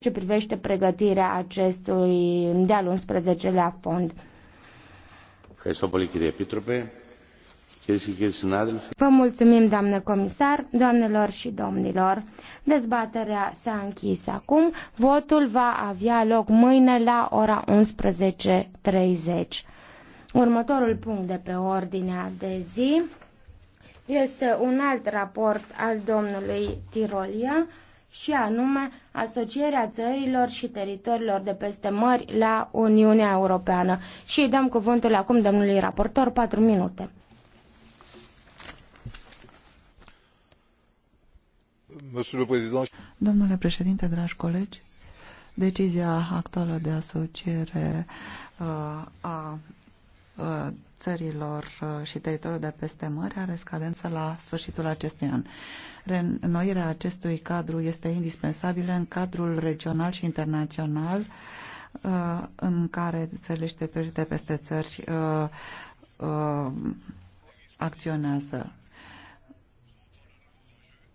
ce privește pregătirea acestui de-al 11-lea fond. Vă mulțumim, doamnă comisar, doamnelor și domnilor. Dezbaterea s-a închis acum. Votul va avea loc mâine la ora 11.30. Următorul punct de pe ordinea de zi este un alt raport al domnului Tirolia și anume asocierea țărilor și teritoriilor de peste mări la Uniunea Europeană. Și îi dăm cuvântul acum domnului raportor, patru minute. Domnule președinte, dragi colegi, decizia actuală de asociere uh, a uh, țărilor uh, și teritoriul de peste mări are scadență la sfârșitul acestui an. Renoirea acestui cadru este indispensabilă în cadrul regional și internațional uh, în care țările și teritoriul de peste țări uh, acționează.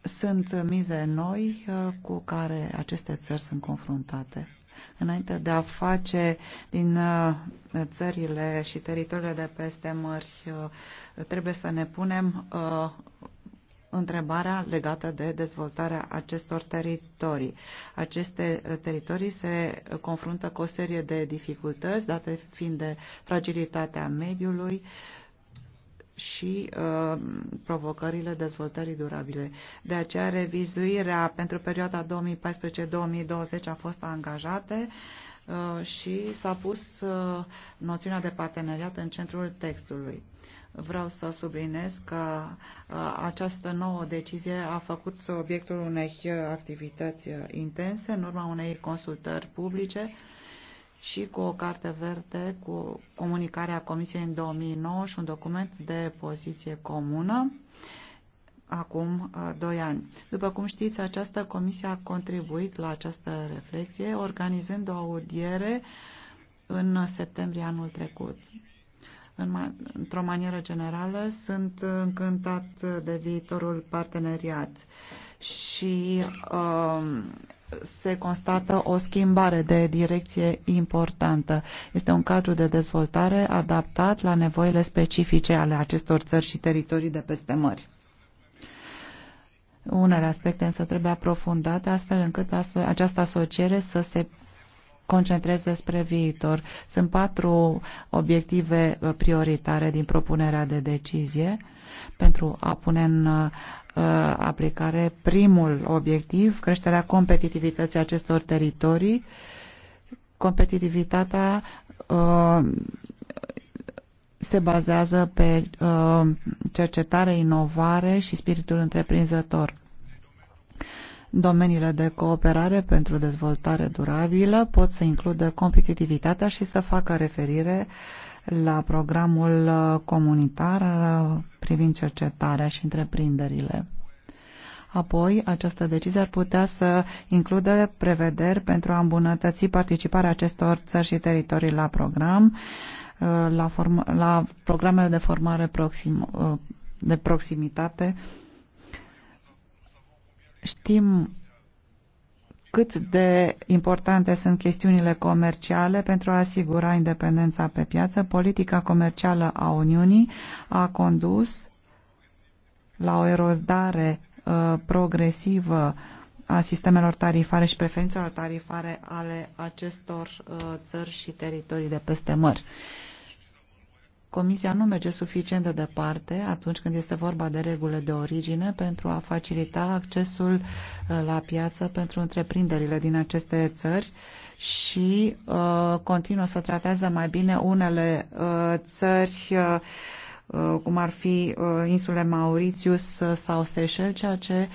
Sunt mize noi cu care aceste țări sunt confruntate înainte de a face din uh, țările și teritoriile de peste mări, uh, trebuie să ne punem uh, întrebarea legată de dezvoltarea acestor teritorii. Aceste teritorii se confruntă cu o serie de dificultăți, date fiind de fragilitatea mediului, și uh, provocările dezvoltării durabile. De aceea, revizuirea pentru perioada 2014-2020 a fost angajată uh, și s-a pus uh, noțiunea de parteneriat în centrul textului. Vreau să subliniez că uh, această nouă decizie a făcut obiectul unei activități uh, intense în urma unei consultări publice uh, și cu o carte verde cu comunicarea Comisiei în 2009 și un document de poziție comună acum uh, doi ani. După cum știți, această comisie a contribuit la această reflexie organizând o audiere în septembrie anul trecut. În într-o manieră generală, sunt încântat de viitorul parteneriat și uh, se constată o schimbare de direcție importantă. Este un cadru de dezvoltare adaptat la nevoile specifice ale acestor țări și teritorii de peste mări. Unele aspecte însă trebuie aprofundate astfel încât această asociere să se concentreze spre viitor. Sunt patru obiective prioritare din propunerea de decizie pentru a pune în uh, aplicare primul obiectiv, creșterea competitivității acestor teritorii, competitivitatea uh, se bazează pe uh, cercetare, inovare și spiritul întreprinzător. Domeniile de cooperare pentru dezvoltare durabilă pot să includă competitivitatea și să facă referire uh, la programul uh, comunitar uh, privind cercetarea și întreprinderile. Apoi, această decizie ar putea să includă prevederi pentru a îmbunătăți participarea acestor țări și teritorii la program, uh, la, form- la programele de formare proxim, de proximitate. Știm cât de importante sunt chestiunile comerciale pentru a asigura independența pe piață, politica comercială a Uniunii a condus la o erodare uh, progresivă a sistemelor tarifare și preferințelor tarifare ale acestor uh, țări și teritorii de peste mări. Uh, Comisia nu merge suficient de departe atunci când este vorba de regulile de origine pentru a facilita accesul uh, la piață pentru întreprinderile din aceste țări și uh, continuă să trateze mai bine unele uh, țări uh, Uh, cum ar fi uh, insule Mauritius uh, sau Seychelles, ceea ce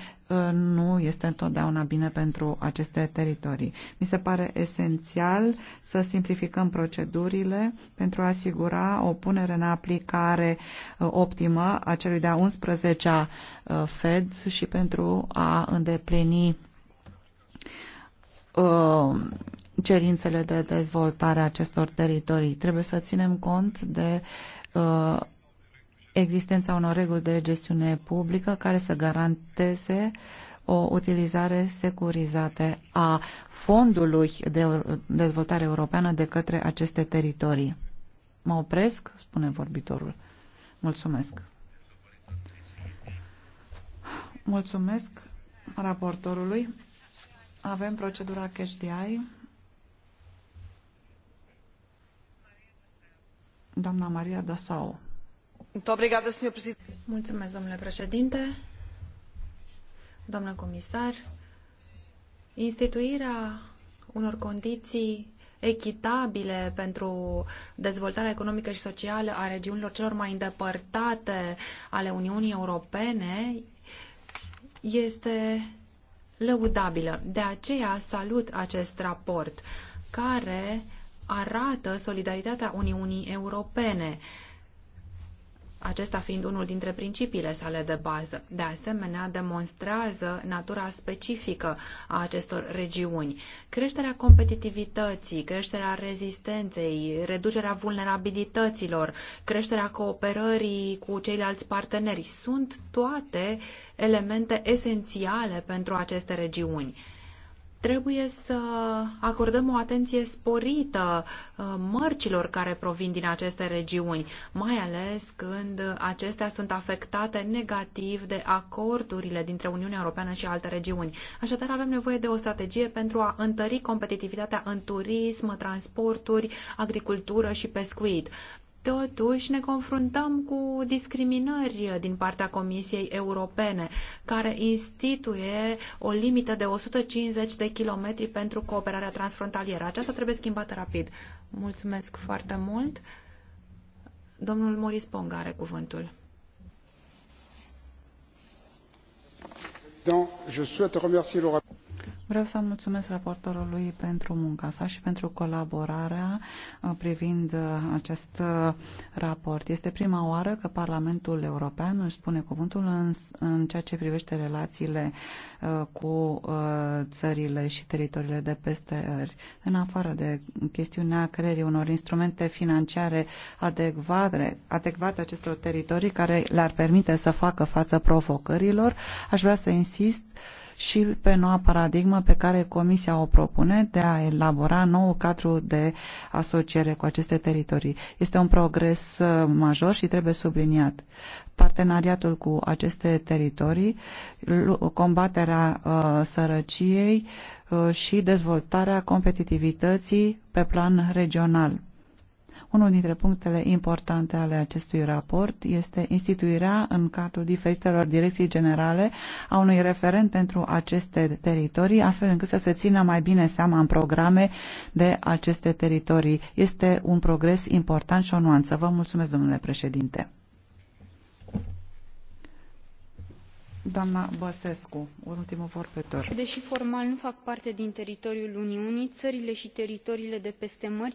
nu este întotdeauna bine pentru aceste teritorii. Mi se pare esențial să simplificăm procedurile pentru a asigura o punere în aplicare optimă a celui de-a 11-a Fed și pentru a îndeplini cerințele de dezvoltare a acestor teritorii. Trebuie să ținem cont de existența unor reguli de gestiune publică care să garanteze o utilizare securizată a fondului de dezvoltare europeană de către aceste teritorii. Mă opresc, spune vorbitorul. Mulțumesc. Mulțumesc raportorului. Avem procedura cash DI. Doamna Maria Dasau domnule președinte, comisar. Instituirea unor condiții echitabile pentru dezvoltarea economică și socială a regiunilor celor mai îndepărtate ale Uniunii Europene este lăudabilă. De aceea salut acest raport care arată solidaritatea Uniunii Europene. Uh, acesta fiind unul dintre principiile sale de bază. De asemenea, demonstrează natura specifică a acestor regiuni. Creșterea competitivității, creșterea rezistenței, reducerea vulnerabilităților, creșterea cooperării cu ceilalți parteneri sunt toate elemente esențiale pentru aceste regiuni Trebuie să acordăm o atenție sporită uh, mărcilor care provin din aceste regiuni, mai ales când acestea sunt afectate negativ de acordurile dintre Uniunea Europeană și alte regiuni. Așadar, avem nevoie de o strategie pentru a întări competitivitatea în turism, transporturi, agricultură și pescuit. Totuși ne confruntăm cu discriminări din partea Comisiei Europene, care instituie o limită de 150 de kilometri pentru cooperarea transfrontalieră. Aceasta trebuie schimbată rapid. Mulțumesc foarte mult. Domnul Moris Ponga are cuvântul. Don, je souhaite remercier le Vreau să mulțumesc raportorului pentru munca sa și pentru colaborarea uh, privind uh, acest uh, raport. Este prima oară că Parlamentul European își spune cuvântul în, în ceea ce privește relațiile cu țările și teritoriile de peste ări. În afară de chestiunea creierii unor instrumente financiare adecvate, adecvate acestor teritorii care le-ar permite să facă față provocărilor, aș vrea să insist și pe noua paradigmă pe care Comisia o propune de a elabora nou cadru de asociere cu aceste teritorii. Este un progres uh, major și trebuie subliniat. Parteneriatul cu aceste teritorii, combaterea uh, sărăciei uh, și dezvoltarea competitivității pe plan regional unul dintre punctele importante ale acestui raport este instituirea în cadrul diferitelor direcții generale a unui referent pentru aceste teritorii, astfel încât să se țină mai bine seama în programe de aceste teritorii. Este un progres important și o nuanță. Vă mulțumesc, domnule președinte. Doamna Băsescu, ultimul vorbitor. Deși formal nu fac parte din teritoriul Uniunii, țările și teritoriile de peste mări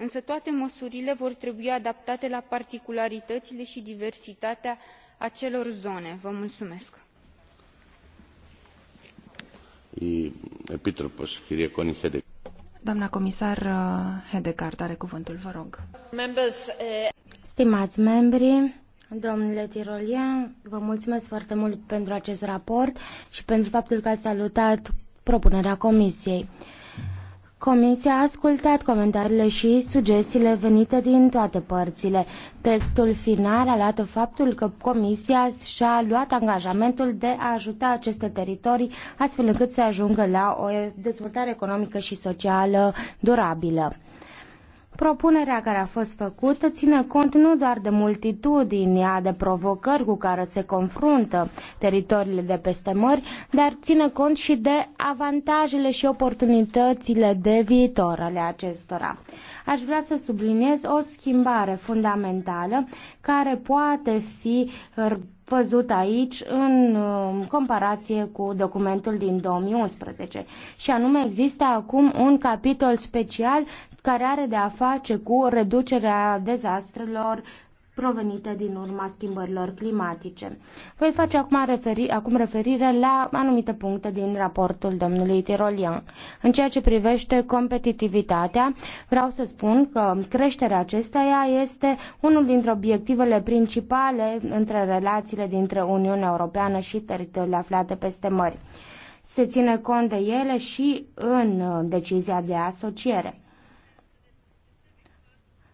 însă toate măsurile vor trebui adaptate la particularităile i diversitatea acelor zone. Vă mulțumesc. comisar uh, are cuvântul, uh, membri, Domnule Tirolien, vă mulțumesc foarte mult pentru acest raport și pentru faptul că ai salutat propunerea Comisiei. Comisia a ascultat comentariile și sugestiile venite din toate părțile. Textul final arată faptul că Comisia și-a luat angajamentul de a ajuta aceste teritorii astfel încât să ajungă la o dezvoltare economică și socială durabilă. Propunerea care a fost făcută ține cont nu doar de multitudinea de provocări cu care se confruntă teritoriile de peste mări, dar ține cont și de avantajele și oportunitățile de viitor ale acestora. Aș vrea să subliniez o schimbare fundamentală care poate fi uh, văzut aici în uh, comparație cu documentul din 2011. Și anume există acum un capitol special care are de a face cu reducerea dezastrelor provenite din urma schimbărilor climatice. Voi face acum, referi, acum referire la anumite puncte din raportul domnului Tirolian. În ceea ce privește competitivitatea, vreau să spun că creșterea acesteia este unul dintre obiectivele principale între relațiile dintre Uniunea Europeană și teritoriile aflate peste mări. Se ține cont de ele și în uh, decizia de asociere.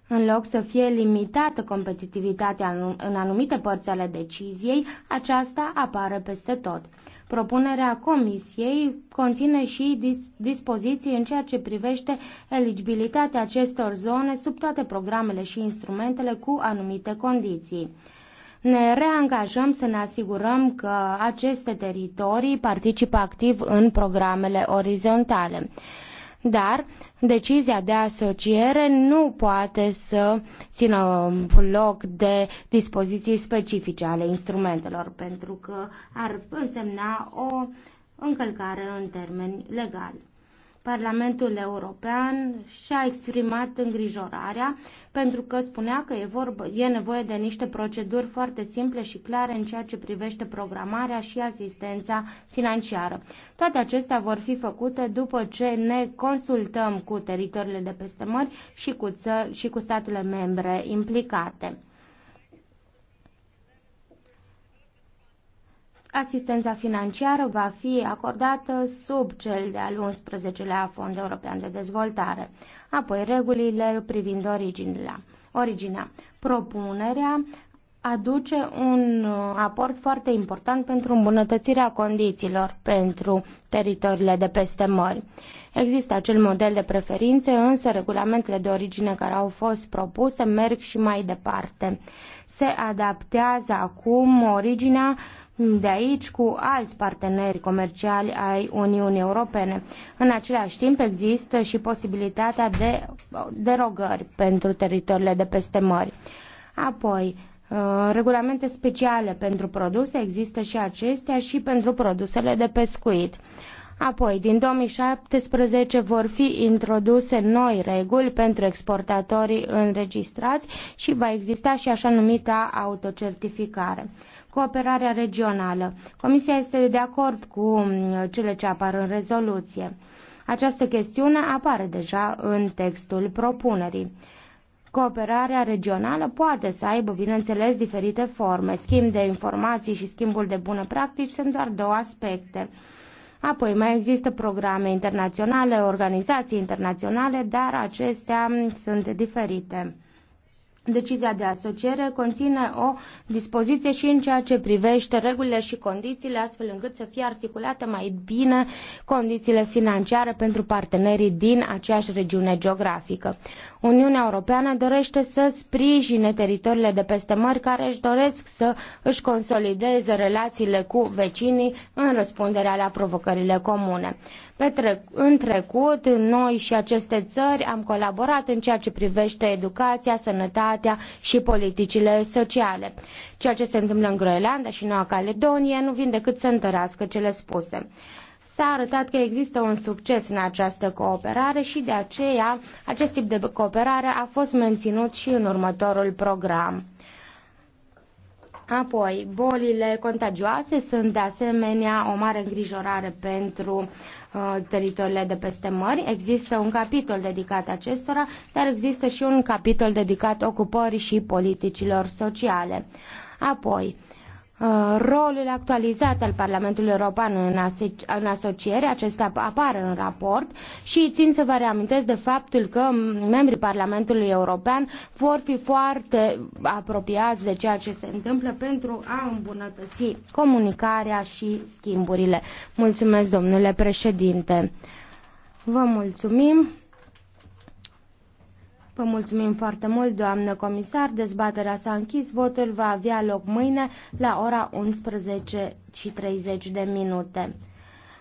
În loc să fie limitată competitivitatea în anumite părți ale deciziei, aceasta apare peste tot. Propunerea Comisiei conține și dis- dispoziții în ceea ce privește eligibilitatea acestor zone sub toate programele și instrumentele cu anumite condiții. Ne reangajăm să ne asigurăm că aceste teritorii participă activ în programele orizontale dar decizia de asociere nu poate să țină loc de dispoziții specifice ale instrumentelor, pentru că ar însemna o încălcare în termeni legali. Parlamentul European și-a exprimat îngrijorarea pentru că spunea că e, vorbă, e nevoie de niște proceduri foarte simple și clare în ceea ce privește programarea și asistența financiară. Toate acestea vor fi făcute după ce ne consultăm cu teritoriile de peste mări și cu, ță- și cu statele membre implicate. Asistența financiară va fi acordată sub cel de-al 11-lea Fond European de Dezvoltare, apoi regulile privind originea. originea. Propunerea aduce un aport foarte important pentru îmbunătățirea condițiilor pentru teritoriile de peste mări. Există acel model de preferințe, însă regulamentele de origine care au fost propuse merg și mai departe. Se adaptează acum originea de aici cu alți parteneri comerciali ai Uniunii Europene. În același timp există și posibilitatea de derogări pentru teritoriile de peste mări. Apoi, uh, regulamente speciale pentru produse există și acestea și pentru produsele de pescuit. Apoi, din 2017 vor fi introduse noi reguli pentru exportatorii înregistrați și va exista și așa numita autocertificare cooperarea regională. Comisia este de acord cu mm, cele ce apar în rezoluție. Această chestiune apare deja în textul propunerii. Cooperarea regională poate să aibă, bineînțeles, diferite forme. Schimb de informații și schimbul de bune practici sunt doar două aspecte. Apoi mai există programe internaționale, organizații internaționale, dar acestea mm, sunt diferite. Decizia de asociere conține o dispoziție și în ceea ce privește regulile și condițiile, astfel încât să fie articulate mai bine condițiile financiare pentru partenerii din aceeași regiune geografică. Uniunea Europeană dorește să sprijine teritoriile de peste mări care își doresc să își consolideze relațiile cu vecinii în răspunderea la provocările comune. în trecut, noi și aceste țări am colaborat în ceea ce privește educația, sănătatea și politicile sociale. Ceea ce se întâmplă în Groenlanda și Noua Caledonie nu vin decât să întărească cele spuse. S-a arătat că există un succes în această cooperare și de aceea acest tip de cooperare a fost menținut și în următorul program. Apoi, bolile contagioase sunt de asemenea o mare îngrijorare pentru uh, teritoriile de peste mări. Există un capitol dedicat acestora, dar există și un capitol dedicat ocupării și politicilor sociale. Apoi, uh, Uh, rolul actualizat al Parlamentului European în, în asociere, acesta apare în raport și țin să vă reamintesc de faptul că membrii Parlamentului European vor fi foarte apropiați de ceea ce se întâmplă pentru a îmbunătăți comunicarea și schimburile. Mulțumesc, domnule președinte. Vă mulțumim. Vă mulțumim foarte mult, doamnă comisar. Dezbaterea s-a închis. Votul va avea loc mâine la ora 11 și 30 de minute.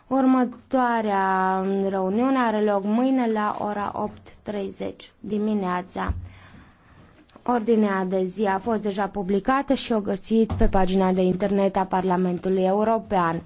Următoarea reuniune are loc mâine la ora 8.30 dimineața. Ordinea de zi a fost deja publicată și o găsiți pe pagina de internet a Parlamentului European.